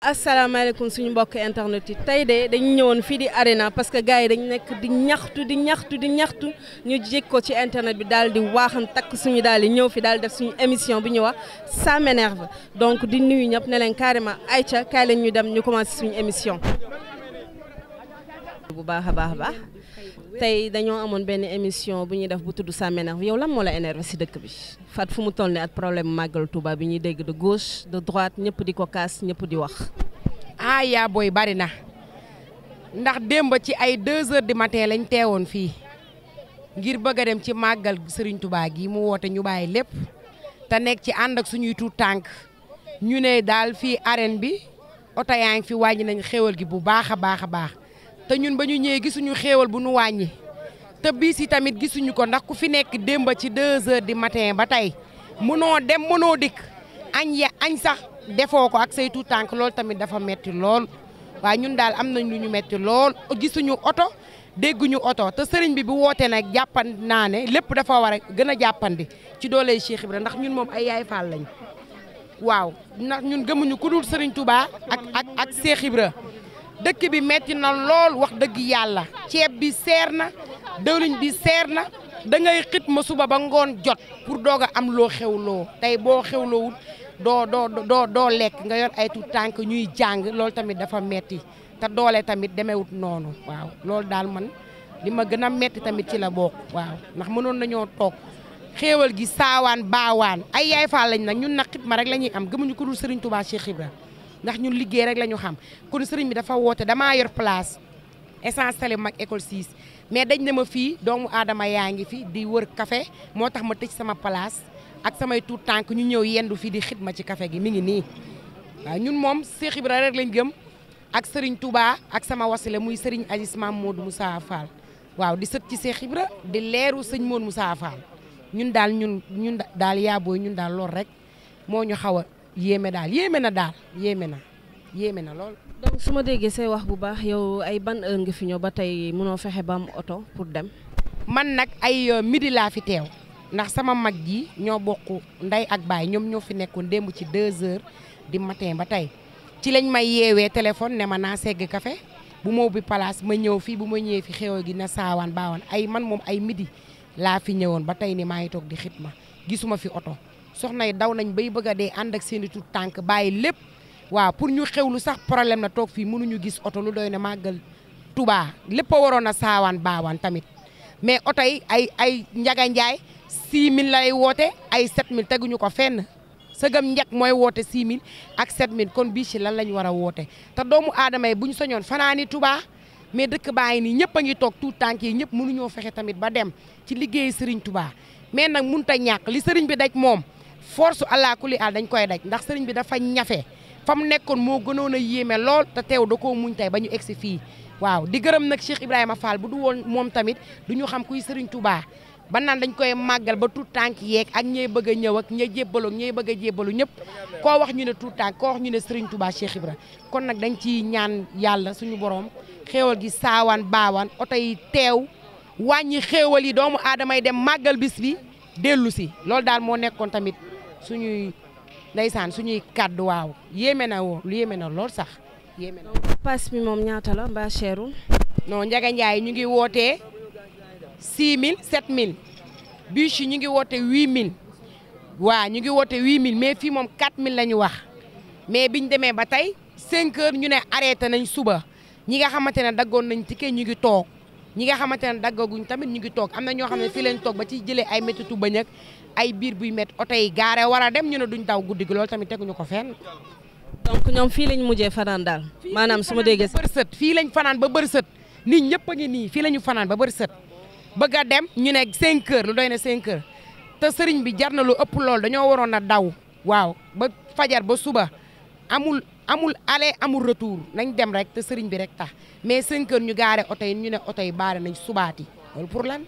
asalaamaaleykum suñu mbokk internet yi tey de dañu ñëwoon fii di arena parce que gars yi dañu nekk di ñaxtu di ñaxtu ñu jég ko ci internet bi daal di waaxan takk suñu daal di ñëw fi daal def suñu émission bi ñu wax ça m'énerve donc di nuyu ñëpp ne leen carrément ayca kaay leen ñu dem ñu commencé suñu émission. bu baax a baax a tey dañoo amoon benn émission bu ñuy def bu tudd ça m'énerve yow lan moo la énerve si dëkk bi Fat fu mu toll nii ak problème màggal Touba bi ñuy dégg de gauche de droite ñëpp di ko kaas ñëpp di wax. ah yaa booy bari na ndax démb ci ay 2 heures du matin lañ teewoon fii ngir bëgg a dem ci màggal Serigne Touba gi mu woote ñu bàyyi lépp te nekk ci ànd ak suñuy tuut tànk ñu ne daal fii arène bi oto yaa ngi fi wàññi nañ xéwal gi bu baax a baax a baax. te ñun ba ñu ñëwee gisuñu xéewal bu nu wàññi te biis yi tamit gisuñu ko ndax ku fi nekk démb ci deux heures di matin ba tey mënoo dem mënoo dikk añ ya añ sax defoo ko ak say tànk loolu tamit dafa metti lool waaye ñun daal am nañ lu ñu metti lool gisuñu oto dégguñu oto te sëriñ bi bu wootee nag jàppan naa ne lépp dafa war a gën a jàppandi ci dooley Cheikh Ibra ndax ñun moom ay yaay Fall lañ waaw ndax ñun gëmuñu ku dul sëriñ Touba ak ak dëkk bi metti na lool wax dëgg yàlla ceeb bi seer na dëwlin bi seer na dangay xit ma suba ba ngoon jot pour doog a am loo xewloo tey boo xewloowut doo doo doo doo lekk nga yor ay tu tànk ñuy jàng lool tamit dafa metti te doole tamit demewut noonu waaw loolu daal man li ma gën a metti tamit ci la bokk waaw ndax mënoon nañoo toog xéewal gi saawaan baawaan ay yaay faa lañ nag ñun nag xit ma rek la ñuy am gëmuñu ko dul Serigne Touba Cheikh Ibrahima ndax ñun liggéey rek la ñu xam kon sëriñ bi dafa woote damaa yor place essentiel mag école 6 mais dañ ne ma fii doomu aadama yaa ngi fi di wër kafe moo tax ma tëj sama place ak samay tuut tànk ñu ñëw yendu fii di xidma ci kafe gi mi ngi nii waaw ñun moom Cheikh Ibra rek lañ gëm ak sëriñ tubaa ak sama wasile muy sëriñ Aziz Mam Modou Moussa waaw di sët ci Cheikh Ibra di leeru sëñ Modou Moussa Fall ñun daal ñun ñun daal yaabooy ñun daal lool rek moo ñu xaw a yéeme daal yéeme na daal yéeme na yéeme na lool. su ma déggee say wax bu baax yow ay ban heure fi ñëw ba tey mënoo fexe ba am oto pour dem. man nag ay euh, midi laa fi teew ndax sama mag ji ñoo bokk ndey ak baay ñoom ñoo fi nekkoon démb ci deux heures di matin ba tey ci lañ may yeewee téléphone ne ma naa segg kafe bu ma ubbi place ma ñëw fii bu ma ñëwee fi xew gi na saawaan baawaan ay man moom ay midi laa fi ñëwoon ba tey ni maa ngi toog di xit ma gisuma fi oto. soxna yi daw nañ bay bëgg de dee ànd ak seen i tuut tànk bàyyi lépp waaw pour ñu xewlu sax problème na toog fii mënuñu gis oto lu doy na màggal Tuubaa lépp a waroon a saawaan baawan tamit mais oto yi ay ay Njaga Njaay 6000 lay woote ay 7000 teguñu ko fenn sëgam njëkk mooy woote 6000 ak 7000 kon bii ci lan lañ war a woote te doomu aadama yi bu ñu soñoon fanaani tubaa mais dëkk baa ngi nii ñëpp a toog tout tànk yi ñëpp mënuñoo fexe tamit ba dem ci liggéey Serigne Touba mais nag mënut a li Serigne bi daj moom. force allah kulli al dañ koy daj ndax sëriñ bi dafa ñafe fa mu nekkoon moo gënoon a yéeme lool te teew da koo muñ tey ba ñu si fii waaw di gërëm nag Cheikh Ibrahima Fall bu du woon moom tamit du ñu xam kuy sëriñ Touba ba naan dañ koy màggal ba tuut tànk yeeg ak ñey bëgg ñëw ak ña jébbaloo ñey bëgg a jébbalu ñëpp koo wax ñu ne tuut tànk koo wax ñu ne sëriñ Touba Cheikh Ibra kon nag dañ ci ñaan yàlla suñu borom xéewal gi saawaan baawaan oto teew wàññi xéewal yi doomu aadamay dem màggal bis dellu si loolu daal moo nekkoon tamit suñuy ndeysaan suñuy kàddu waaw yéeme na woo yéeme na lool sax yéeme na. pass bi moom ñaata la mbaa cheru. non Ndiaga Ndiaye ñu ngi wootee 6000 7000 bûche yi ñu ngi woote 8000 waaw ñu ngi wootee woote 8000 mais fii moom 4000 la ñu wax mais biñ demee ba tey cinq heures ñu ne arrêté nañ suba ñi nga xamante ne daggoon nañ ticket ñu ngi toog ñi nga xamante ne daggaguñ tamit ñu ngi toog am na ñoo xam ne fii lañ toog ba ci jëlee ay métitu bañ ak ay biir buy métti oto yi gaare war a dem ñu ne duñ daw guddi gi loolu tamit teguñu ko fenn. donc ñoom fii lañ mujjee fanaan daal maanaam suma ma déggee. bërsët fii lañ fanaan ba bërsët nit ñëpp a ngi nii fii la ñu fanaan ba bërsët bëgg a dem ñu ne 5 heures lu doy na 5 heures te sëriñ bi jar na loo ëpp lool dañoo waroon a daw waaw ba fajar ba suba amul amul aller amul retour nañ dem rek te sëriñ bi rek tax mais 5 heures ñu gaare oto yi ñu ne oto yi baare nañ subaati loolu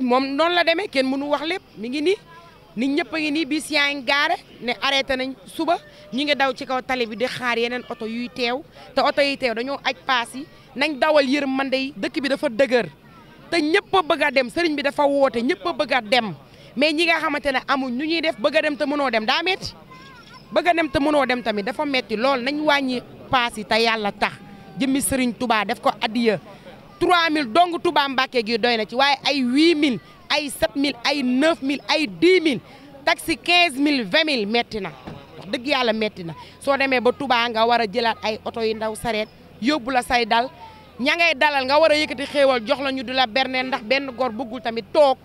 moom noonu la demee kenn mënu wax lépp mi ngi nii nit ñëpp a ngi nii bii yaa ngi gaare ne arrêté nañ suba ñi ngi daw ci kaw tali bi di xaar yeneen oto yuy teew te oto yi teew dañoo aj paas yi nañ dawal yërmande yi dëkk bi dafa dëgër te ñëpp a bëgg a dem sëriñ bi dafa woote ñëpp a bëgg a dem mais ñi nga xamante ne amuñ ñu ñuy def bëgg dem te mënoo dem daa metti bëgga dem te mënoo dem tamit dafa metti lool nañ wàññi paas yi te yàlla tax jëmmi sëriñ Tuubaa def ko addiya 3000 dong Touba Mbacké gi doy na ci waaye ay 8000 ay 7000 ay 9000 ay 10000 taxi 15000 20000 metti na wax dëgg yàlla metti na soo demee ba Touba nga war a jëlaat ay oto yu ndaw sareet yóbbu la say dal ña ngay dalal nga war a yëkkati xéewal jox la ñu di la berneel ndax benn gor bëggul tamit toog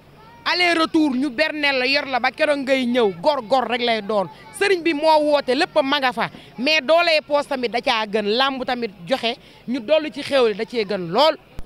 aller retour ñu berneel la yor la ba keroog ngay ñëw gor gor rek lay doon sëriñ bi moo woote lépp ma nga fa mais doolee poos tamit da caa gën làmb tamit joxe ñu dollu ci xéewal da cee gën lool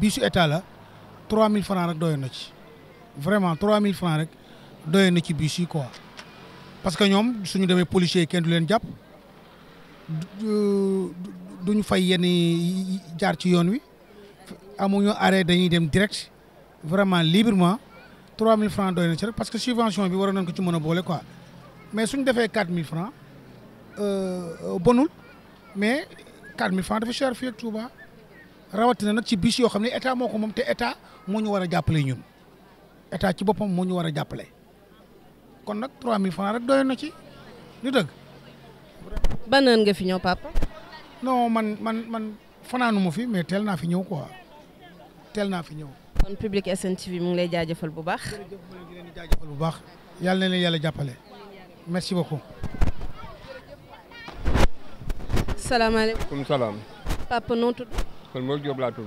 bisu état 3000 francs rek 3 na ci vraiment 3000 francs rek ci parce que nous suñu des policiers qui kenn du len japp euh, duñu fay yenn jaar ci yoon wi arrêt direct vraiment librement 3000 francs parce que subvention bi waroon nañ ko ci mëna bolé quoi mais suñu défé 4000 francs euh, bonul mais 4000 francs dafa cher ak rawatina nag ci bis yoo xam ne état moo ko moom te état moo ñu war a jàppale ñun état ci boppam moo ñu war a jàppale kon nag 3000 francs rek doyoon na ci lu dëgg. ban heure nga fi ñëw papa. non man man man fanaanu fi mais teel naa fi ñëw quoi teel naa fi ñëw. kon Public SN TV mu ngi jaajëfal bu baax. jërëjëf ma bu baax yàlla na leen jàppale merci beaucoup. salaamaaleykum. salaam. tudd. kon Mor Diop laa tudd.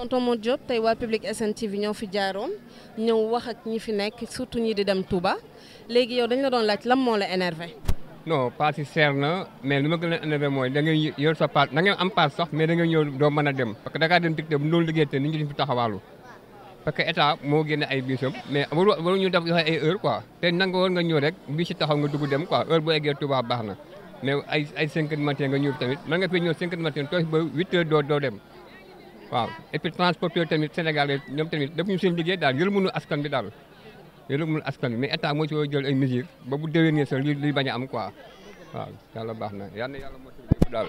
tonton Mor Diop tey waa Public SN TV ñoo fi jaaroon ñëw wax ak ñi fi nekk surtout ñi di dem Touba léegi yow dañ la doon laaj lan moo la énervé. non paas yi seer na mais li ma gën a énervé mooy da ngay sa paas da ngay am paas sax mais da ñëw doo mën a dem parce que dem tig te bu loolu liggéey te nit ñi dañ fi taxawaalu parce que état moo génne ay biisam mais waru waru ñu def ay heure quoi te nanga war nga ñëw rek bi si taxaw nga dugg dem baax na. mais ay ay cinq heures matin nga ñëw tamit mën nga fay ñëw cinq heures matin toog ba huit doo doo dem waaw et puis transporteur tamit sénégalais ñoom tamit def ñu seen liggéey daal yërëmunu askan bi daal yërëmunu askan bi mais état moo ci war jël ay mesures ba bu déwénee sax li li bañ am quoi waaw yàlla baax na yal na yàlla motul lépp daal.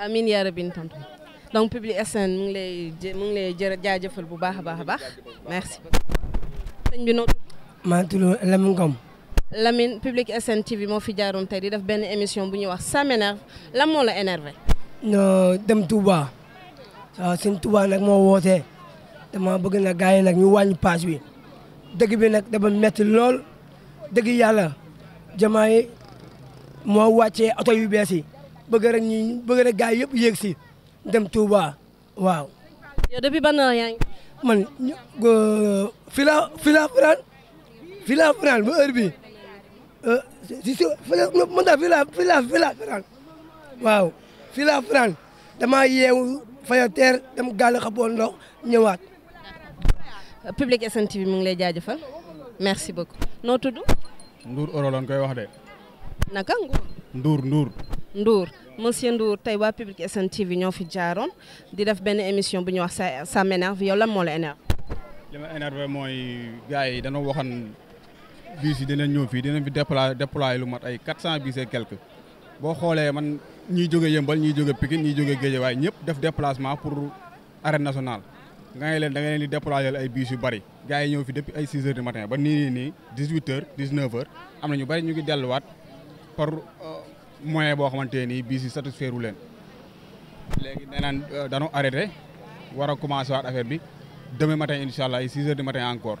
amiin yaa rabbi tonton donc Public SN mu ngi lay mu ngi lay jërë jaajëfal bu baax a baax a baax merci. sëñ bi noo. maa ngi tudd Ngom Lamine Public SN TV moo fi jaaroon tey di def benn émission bu ñuy wax ça m'énerve lan moo la énervé. non dem Touba waaw sëñ Touba nag moo wootee dama bëgg nag gars yi nag ñu wàññi paas wi dëgg bi nag dafa metti lool dëgg yàlla jamaa moo wàccee oto yu bees yi bëgg rek ñi bëgg rek gars yi yëpp yéeg si dem Touba waaw. yow depuis ban heure yaa ngi. man fii laa fii laa fanaan fii laa Euh, si si mën naa fi laa waaw fi laa fanaan yeewu faya teer dem gàll xaboon ndox ñëwaat. Public SN TV mu ngi lay jaajëfal merci beaucoup. noo tudd. Ndour Oro koy wax de. naka nduur Ndour Ndour. Ndour monsieur Ndour tey waa Public SN TV ñoo fi jaaroon di def benn émission bu ñuy wax sa ça m'énerve yow lan moo la énerve. li ma mooy gars yi dañoo bus yi dinañ ñëw fii dinañ fi déployer déployer lu mat ay 400 bus et quelques boo xoolee man ñiy jóge yëmbal ñiy jóge pikin ñiy jóge géejawaay ñëpp def déplacement pour arène nationale nga ngi leen da ngay leen di déployer ay bus yu bari gars yi ñëw fi depuis ay 6 heures du matin ba nii nii 18 heures 19 heures am na ñu bari ñu ngi delluwaat par euh, moyen boo xamante ni bus yi satisfaire wu leen léegi nee naan euh, dañu arrêté war a commencé waat affaire bi demain matin incha allah ay 6 heures du matin encore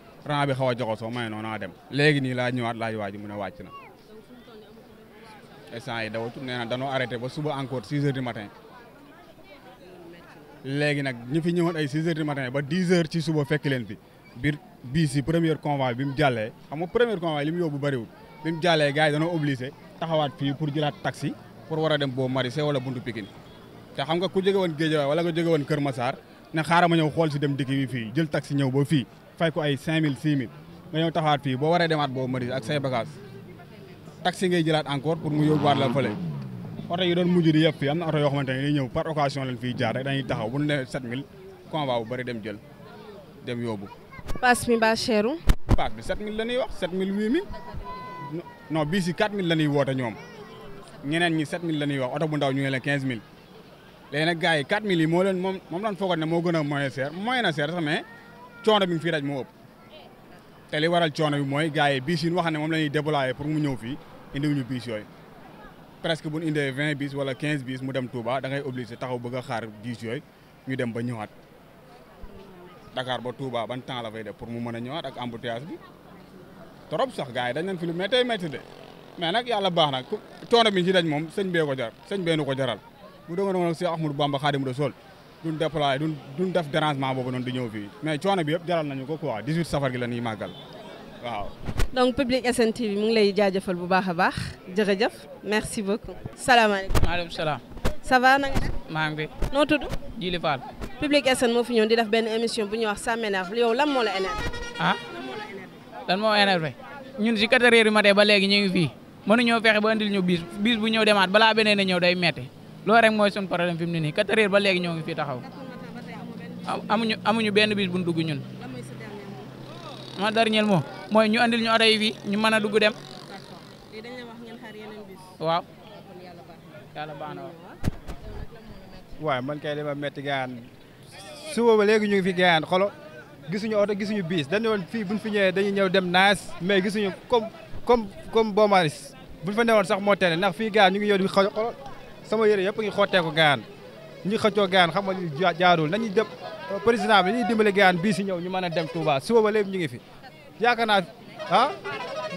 rang bi xaw a joxasoo ma ne noonu naa dem léegi nii laa ñëwaat laaj waa ji mu ne wàcc na instant yi dawatul nee na danoo arrêté ba suba encore 6 heures du matin léegi nag ñi fi ñëwoon ay 6 heures du matin ba 10 heures ci suba fekk leen fi biir bii si première convoi bi mu jàllee xam nga première convoi li mu yóbbu bëriwul bi mu jàllee gars yi danoo obligé taxawaat fii pour jëlaat taxi pour war a dem boo Marisé wala buntu pikin te xam nga ku jóge woon Guédiawaye wala nga jóge Kër Massar ne xaaral ma ñëw xool si dem dikki bi fii jël taxi ñëw ba fii fay ko ay 5000 6000 nga ñëw taxawaat fii boo waree demaat boobu Maris ak say bagage taxi ngay jëlaat encore pour mu yóbbuwaat la fële oto yi doon mujj di yëpp fii am na oto yoo xamante ñëw par occasion lañ fiy jaar dañuy taxaw bu ñu nee 7000 convoi bu bëri dem jël dem yóbbu. paas mi ba cheru. paas bi 7000 la ñuy wax 7000 8000 non bii si 4000 la ñuy woote ñoom ñeneen ñi 7000 la ñuy wax oto bu ndaw ñu leen moom a coono bi nga fii daj moo ëpp te li waral coono bi mooy gars yi biis yi wax ne moom la ñuy pour mu ñëw fii indiwuñu biis yooyu presque bu ñu indee vingt biis wala quinze biis mu dem Touba da ngay taxaw bëgg a xaar biis yooy ñu dem ba ñëwaat dakaar ba Touba ban temps la fay def pour mu mën a ñëwaat ak embouteillage bi trop sax gars yi dañ leen fi lu méttee métti de mais nag yàlla baax nag coono bi ñu ci daj moom sëñ bee ko jar sëñ bee nu ko jaral mu doon nga doon Cheikh Ahmadou Bamba Khadim Rassoul duñ déployé duñ def dérangement boobu noonu di ñëw fii mais coono bi yëpp jaral nañu ko quoi 18 safar gi la ñuy màggal waaw. donc Public SN TV mu ngi lay jaajëfal bu baax a baax jërëjëf merci beaucoup. salaamaaleykum maaleykum salaam. ça va na nga def. maa ngi fi. noo tudd. Djili Fall. Public moo fi ñëw di def benn émission bu ñuy wax ça m'énerve yow lan moo la énerve. ah lan moo énerve ñun si quatre heures yu matin ba léegi ñu ngi fii mënuñoo fexe ba andil ñu bis bis bu ñëw demaat balaa beneen a ñëw day metti loolu rek mooy suñu problème fi mu ne nii quatre heures ba léegi ñoo ngi fii taxaw amuñu amuñu benn bis buñ dugg ñun ma dernier mot mooy ñu andil ñu oto yi fii ñu man a dugg dem waaw yàlla baax na waaw man kay dama metti gaan suba ba léegi ñu ngi fi gaan xolo gisuñu oto gisuñu biis dañu woon fii buñ fi ñëwee dañuy ñëw dem naas mais gisuñu comme comme comme Bomaris buñ fa woon sax moo tene ndax fii gaan ñu ngi xolo sama yére yëpp ngi xotteeku gayaan ñu xëccoo gayaan xam nga jaarul nañu jëm président bi nañuy dimbale gayaan bii si ñëw ñi man a dem Touba suba ba léegi ñu ngi fi yaakaar naa ah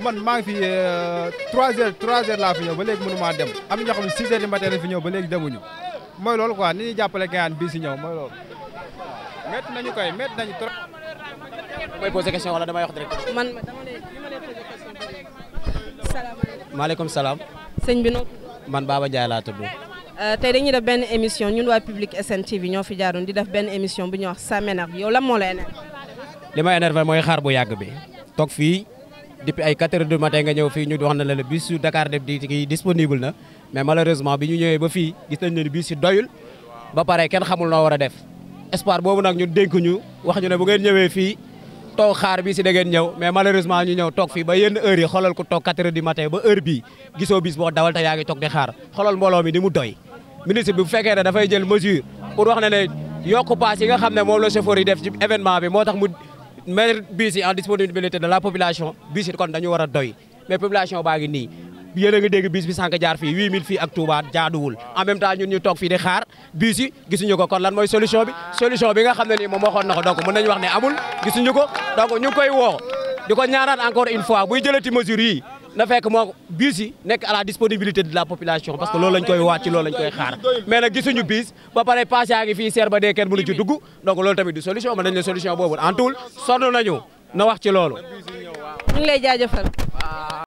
man maa ngi fi 3 euh, heures 3 heures laa fi ñëw ba léegi mënu maa dem am na ñoo xam ne 6 fi ñëw ba léegi demuñu mooy loolu quoi ni ñuy jàppale gayaan bii si ñëw mooy loolu métti nañu koy métti nañu trop. damay posé question wala damay wax man ma lay maaleykum salaam. sëñ bi noo. man Baba Ndiaye laa tudd. Euh, tey dañuy def benn émission ñun waa Public SN ñoo fi jaaroon di def benn émission bu ñuy wax ça yow lan li ma énerve mooy xaar bu yàgg bi toog fii depuis ay 4 heures du matin nga ñëw fii ñu wax na la le bus su Dakar dem di kii disponible na mais malheureusement bi ñu ñëwee ba fii gis nañ ne bus yi doyul ba kenn xamul noo war a def espoir boobu nag ñu dénk ñu ne bu ngeen ñëwee fii. toog xaar bi si da ngeen ñëw mais malheureusement ñu ñëw toog fii ba yenn heure yi xoolal ku toog 4 heures du matin ba heure bii gisoo bis boo dawal te yaa ngi toog di xaar xoolal mbooloo mi mu doy ministre bi fekkee ne dafay jël mesure pour wax ne ne yokku paas yi nga xam ne moom la chauffeur yi def ci événement bi moo tax mu mettre bus yi en disponibilité de la population bus kon dañu war a doy mais population baa ngi nii yéen a ngi dégg bus bi sànq jaar fii 8000 fii ak Touba jaaduwul en même ñun ñu toog fii di xaar bus gisuñu ko kon lan mooy solution bi solution bi nga xam ne nii moom waxoon na ko donc mën nañu wax ne amul gisuñu ko donc ñu koy woo di ko ñaanaat encore une fois buy jëlati mesures na fekk moo bus nekk à la disponibilité de la population parce que loolu koy waat ci koy xaar mais nag gisuñu bus ba pare pass yaa ngi fii seer ba dee